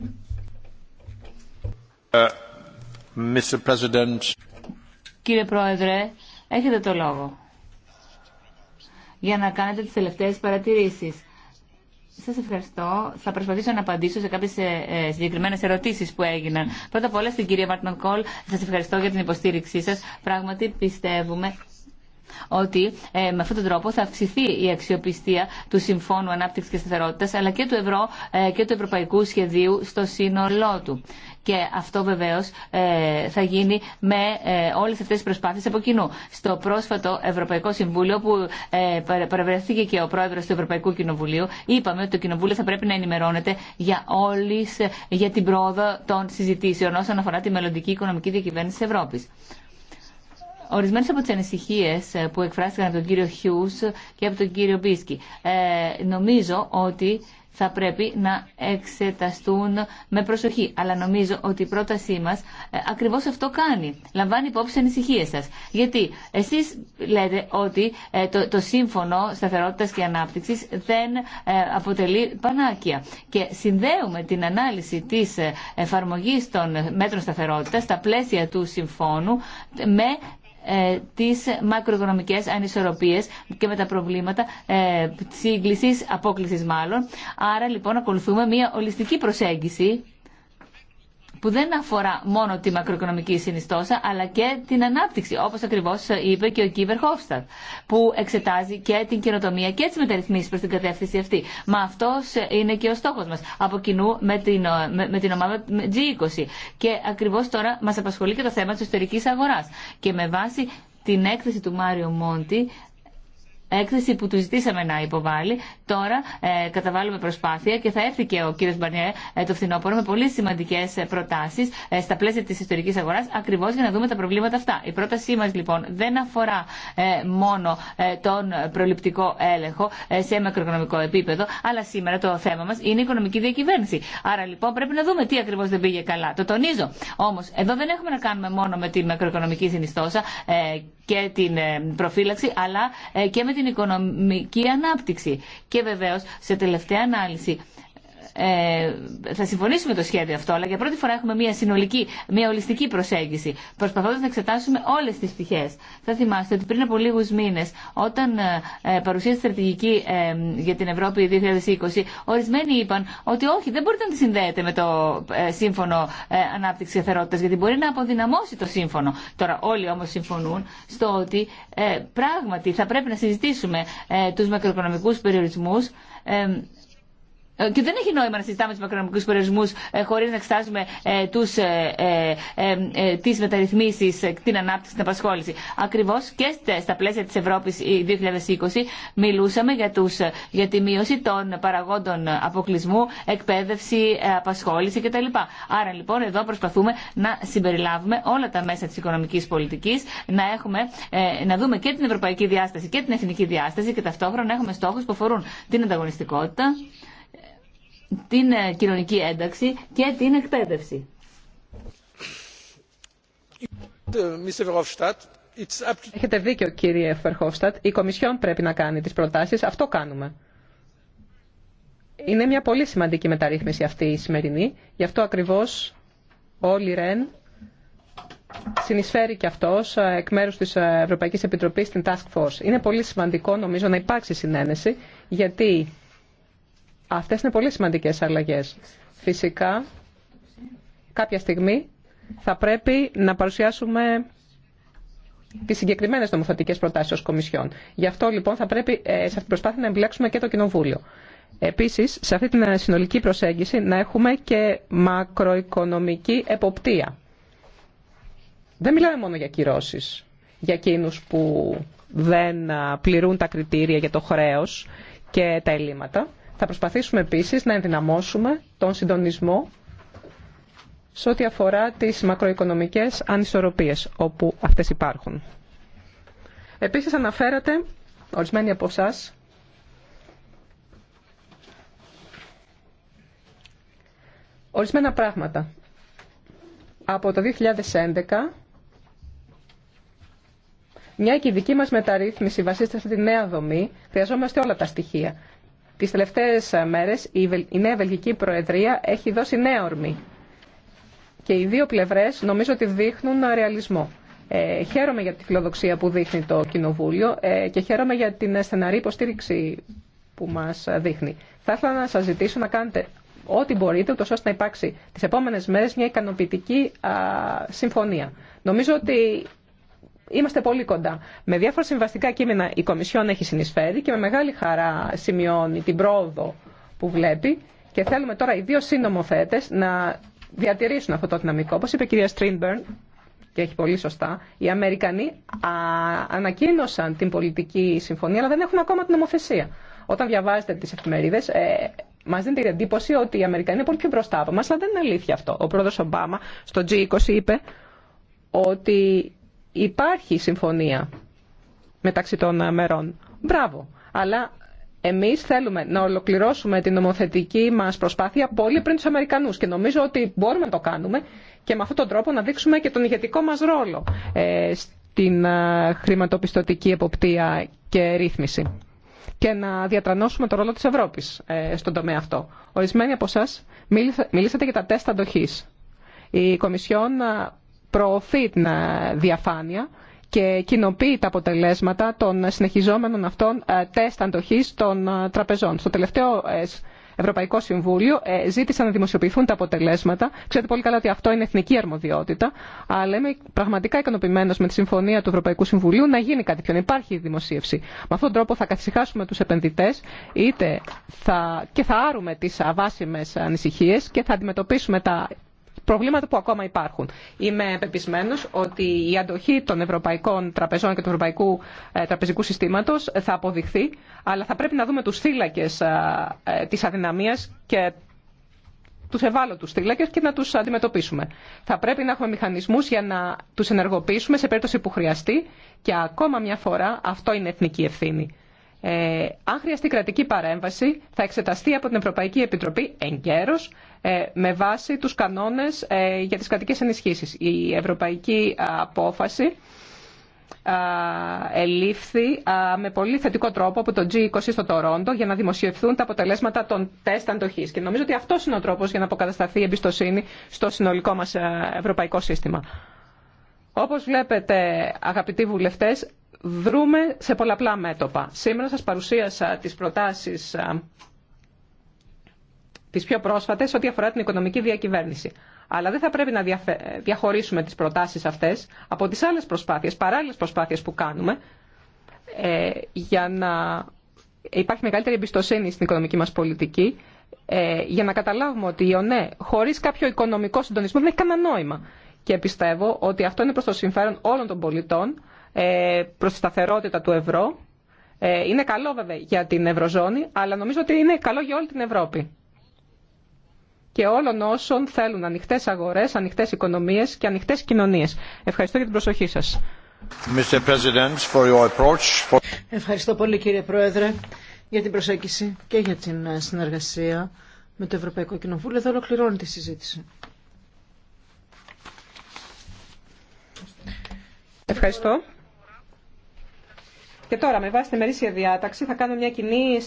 Mr. President. Κύριε Πρόεδρε, έχετε το λόγο για να κάνετε τις τελευταίες παρατηρήσεις. Σα ευχαριστώ. Θα προσπαθήσω να απαντήσω σε κάποιε ε, συγκεκριμένε ερωτήσει που έγιναν. Πρώτα απ' όλα στην κυρία Μάρτιν Κόλ, σα ευχαριστώ για την υποστήριξή σα. Πράγματι πιστεύουμε ότι ε, με αυτόν τον τρόπο θα αυξηθεί η αξιοπιστία του Συμφώνου Ανάπτυξη και Σταθερότητα αλλά και του ευρώ ε, και του ευρωπαϊκού σχεδίου στο σύνολό του. Και αυτό βεβαίω ε, θα γίνει με ε, όλε αυτέ τι προσπάθειε από κοινού. Στο πρόσφατο Ευρωπαϊκό Συμβούλιο, που ε, παρευρεθήκε και ο πρόεδρο του Ευρωπαϊκού Κοινοβουλίου, είπαμε ότι το Κοινοβούλιο θα πρέπει να ενημερώνεται για όλες για την πρόοδο των συζητήσεων όσον αφορά τη μελλοντική οικονομική διακυβέρνηση τη Ευρώπη. Ορισμένε από τι ανησυχίε που εκφράστηκαν από τον κύριο Χιού και από τον κύριο Μπίσκι. Ε, νομίζω ότι θα πρέπει να εξεταστούν με προσοχή. Αλλά νομίζω ότι η πρότασή μα ε, ακριβώ αυτό κάνει. Λαμβάνει υπόψη τι ανησυχίε σα. Γιατί εσεί λέτε ότι ε, το, το σύμφωνο σταθερότητα και ανάπτυξη δεν ε, αποτελεί πανάκια. Και συνδέουμε την ανάλυση τη εφαρμογή των μέτρων σταθερότητα στα πλαίσια του συμφώνου με ε, τις μακροοικονομικές ανισορροπίες και με τα προβλήματα ε, σύγκλησης, απόκλησης μάλλον. Άρα λοιπόν ακολουθούμε μια ολιστική προσέγγιση που δεν αφορά μόνο τη μακροοικονομική συνιστόσα, αλλά και την ανάπτυξη, όπως ακριβώς είπε και ο Κίβερ Χόφστατ, που εξετάζει και την καινοτομία και τις μεταρρυθμίσεις προς την κατεύθυνση αυτή. Μα αυτός είναι και ο στόχος μας, από κοινού με την, με, την ομάδα G20. Και ακριβώς τώρα μας απασχολεί και το θέμα της ιστορικής αγοράς. Και με βάση την έκθεση του Μάριο Μόντι έκθεση που του ζητήσαμε να υποβάλει. Τώρα ε, καταβάλουμε προσπάθεια και θα έρθει και ο κύριο Μπαρνιέ ε, το φθινόπωρο με πολύ σημαντικέ ε, προτάσει ε, στα πλαίσια τη ιστορική αγορά, ακριβώ για να δούμε τα προβλήματα αυτά. Η πρότασή μα λοιπόν δεν αφορά ε, μόνο ε, τον προληπτικό έλεγχο σε μακροοικονομικό επίπεδο, αλλά σήμερα το θέμα μα είναι η οικονομική διακυβέρνηση. Άρα λοιπόν πρέπει να δούμε τι ακριβώ δεν πήγε καλά. Το τονίζω. Όμω εδώ δεν έχουμε να κάνουμε μόνο με τη μακροοικονομική συνιστόσα και την ε, προφύλαξη αλλά ε, και με την οικονομική ανάπτυξη. Και βεβαίως σε τελευταία ανάλυση ε, θα συμφωνήσουμε το σχέδιο αυτό, αλλά για πρώτη φορά έχουμε μια συνολική, μια ολιστική προσέγγιση, προσπαθώντα να εξετάσουμε όλε τι πτυχέ. Θα θυμάστε ότι πριν από λίγου μήνε, όταν ε, ε, παρουσίασε στρατηγική για την Ευρώπη 2020, ορισμένοι είπαν ότι όχι, δεν μπορείτε να τη συνδέετε με το σύμφωνο ανάπτυξη θερότητα, γιατί μπορεί να αποδυναμώσει το σύμφωνο. Τώρα όλοι όμω συμφωνούν στο ότι πράγματι θα πρέπει να συζητήσουμε του μακροοικονομικού περιορισμού ε, και δεν έχει νόημα να συζητάμε του μακροοικονομικού περιορισμού ε, χωρί να εξετάζουμε ε, τι μεταρρυθμίσει, την ανάπτυξη, την απασχόληση. Ακριβώ και στα πλαίσια τη Ευρώπη 2020 μιλούσαμε για, τους, για τη μείωση των παραγόντων αποκλεισμού, εκπαίδευση, απασχόληση κτλ. Άρα λοιπόν εδώ προσπαθούμε να συμπεριλάβουμε όλα τα μέσα τη οικονομική πολιτική, να, να δούμε και την ευρωπαϊκή διάσταση και την εθνική διάσταση και ταυτόχρονα έχουμε στόχου που αφορούν την ανταγωνιστικότητα την ε, κοινωνική ένταξη και την εκπαίδευση. Έχετε δίκιο κύριε Φερχόφστατ. Η Κομισιόν πρέπει να κάνει τις προτάσεις. Αυτό κάνουμε. Είναι μια πολύ σημαντική μεταρρύθμιση αυτή η σημερινή. Γι' αυτό ακριβώς όλοι ρεν συνεισφέρει και αυτός ε, εκ μέρους της Ευρωπαϊκής Επιτροπής στην Task Force. Είναι πολύ σημαντικό νομίζω να υπάρξει συνένεση γιατί Αυτές είναι πολύ σημαντικές αλλαγές. Φυσικά, κάποια στιγμή θα πρέπει να παρουσιάσουμε τι συγκεκριμένε νομοθετικέ προτάσει ω Κομισιόν. Γι' αυτό λοιπόν θα πρέπει ε, σε αυτή την προσπάθεια να εμπλέξουμε και το Κοινοβούλιο. Επίση, σε αυτή την ε, συνολική προσέγγιση να έχουμε και μακροοικονομική εποπτεία. Δεν μιλάμε μόνο για κυρώσει, για εκείνου που δεν ε, πληρούν τα κριτήρια για το χρέο και τα ελλείμματα. Θα προσπαθήσουμε επίσης να ενδυναμώσουμε τον συντονισμό σε ό,τι αφορά τις μακροοικονομικές ανισορροπίες όπου αυτές υπάρχουν. Επίσης αναφέρατε, ορισμένοι από εσά, ορισμένα πράγματα. Από το 2011 μια και η δική μας μεταρρύθμιση βασίζεται σε τη νέα δομή, χρειαζόμαστε όλα τα στοιχεία. Τις τελευταίες μέρες η νέα Βελγική Προεδρία έχει δώσει νέα ορμή. Και οι δύο πλευρές νομίζω ότι δείχνουν ρεαλισμό. Ε, χαίρομαι για τη φιλοδοξία που δείχνει το Κοινοβούλιο ε, και χαίρομαι για την στεναρή υποστήριξη που μας δείχνει. Θα ήθελα να σας ζητήσω να κάνετε ό,τι μπορείτε, ούτως ώστε να υπάρξει τις επόμενες μέρες μια ικανοποιητική α, συμφωνία. Νομίζω ότι Είμαστε πολύ κοντά. Με διάφορα συμβαστικά κείμενα η Κομισιόν έχει συνεισφέρει και με μεγάλη χαρά σημειώνει την πρόοδο που βλέπει και θέλουμε τώρα οι δύο σύνομοθέτες να διατηρήσουν αυτό το δυναμικό. Όπως είπε η κυρία Στρίνμπερν, και έχει πολύ σωστά, οι Αμερικανοί ανακοίνωσαν την πολιτική συμφωνία, αλλά δεν έχουν ακόμα την νομοθεσία. Όταν διαβάζετε τις εφημερίδες, ε, μας δίνει την εντύπωση ότι οι Αμερικανοί είναι πολύ πιο μπροστά από εμά αλλά δεν είναι αλήθεια αυτό. Ο πρόεδρος Ομπάμα στο G20 είπε ότι Υπάρχει συμφωνία μεταξύ των μερών. Μπράβο. Αλλά εμείς θέλουμε να ολοκληρώσουμε την νομοθετική μας προσπάθεια πολύ πριν τους Αμερικανούς και νομίζω ότι μπορούμε να το κάνουμε και με αυτόν τον τρόπο να δείξουμε και τον ηγετικό μας ρόλο ε, στην ε, χρηματοπιστωτική εποπτεία και ρύθμιση και να διατρανώσουμε το ρόλο της Ευρώπης ε, στον τομέα αυτό. Ορισμένοι από εσά μιλήσατε για τα τεστ αντοχής. Η Κομισιόν προωθεί την ε, διαφάνεια και κοινοποιεί τα αποτελέσματα των συνεχιζόμενων αυτών ε, τεστ αντοχής των ε, τραπεζών. Στο τελευταίο Ευρωπαϊκό Συμβούλιο ζήτησαν να δημοσιοποιηθούν τα αποτελέσματα. Ξέρετε πολύ καλά ότι αυτό είναι εθνική αρμοδιότητα, αλλά είμαι πραγματικά ικανοποιημένο με τη συμφωνία του Ευρωπαϊκού Συμβουλίου να γίνει κάτι πιο. Να υπάρχει δημοσίευση. Με αυτόν τον τρόπο θα καθησυχάσουμε του επενδυτέ είτε θα... και θα άρουμε τι αβάσιμε ανησυχίε και θα αντιμετωπίσουμε τα προβλήματα που ακόμα υπάρχουν. Είμαι πεπισμένο ότι η αντοχή των ευρωπαϊκών τραπεζών και του ευρωπαϊκού ε, τραπεζικού συστήματο θα αποδειχθεί, αλλά θα πρέπει να δούμε του θύλακε ε, ε, τη αδυναμία και του ευάλωτου θύλακε και να του αντιμετωπίσουμε. Θα πρέπει να έχουμε μηχανισμού για να του ενεργοποιήσουμε σε περίπτωση που χρειαστεί και ακόμα μια φορά αυτό είναι εθνική ευθύνη. Ε, αν χρειαστεί κρατική παρέμβαση, θα εξεταστεί από την Ευρωπαϊκή Επιτροπή εγκαίρως ε, με βάση τους κανόνες ε, για τις κρατικές ενισχύσεις. Η ευρωπαϊκή απόφαση ελήφθη με πολύ θετικό τρόπο από το G20 στο Τορόντο για να δημοσιευθούν τα αποτελέσματα των τεστ αντοχή. Και νομίζω ότι αυτό είναι ο τρόπο για να αποκατασταθεί η εμπιστοσύνη στο συνολικό μα ε, ευρωπαϊκό σύστημα. Όπως βλέπετε, αγαπητοί βουλευτές, βρούμε σε πολλαπλά μέτωπα. Σήμερα σας παρουσίασα τις προτάσεις τις πιο πρόσφατες ό,τι αφορά την οικονομική διακυβέρνηση. Αλλά δεν θα πρέπει να διαχωρίσουμε τις προτάσεις αυτές από τις άλλες προσπάθειες, παράλληλες προσπάθειες που κάνουμε ε, για να υπάρχει μεγαλύτερη εμπιστοσύνη στην οικονομική μας πολιτική ε, για να καταλάβουμε ότι η ΟΝΕ ναι, χωρίς κάποιο οικονομικό συντονισμό δεν έχει κανένα νόημα. Και πιστεύω ότι αυτό είναι προς το συμφέρον όλων των πολιτών ε, προς τη σταθερότητα του ευρώ. Ε, είναι καλό βέβαια για την Ευρωζώνη, αλλά νομίζω ότι είναι καλό για όλη την Ευρώπη. Και όλων όσων θέλουν ανοιχτές αγορές, ανοιχτές οικονομίες και ανοιχτές κοινωνίες. Ευχαριστώ για την προσοχή σας. Ευχαριστώ πολύ κύριε Πρόεδρε για την προσέγγιση και για την ε, συνεργασία με το Ευρωπαϊκό Κοινοβούλιο. Θα ολοκληρώνει τη συζήτηση. Ευχαριστώ. Και τώρα, με βάση τη μερίσια διάταξη, θα κάνω μια κοινή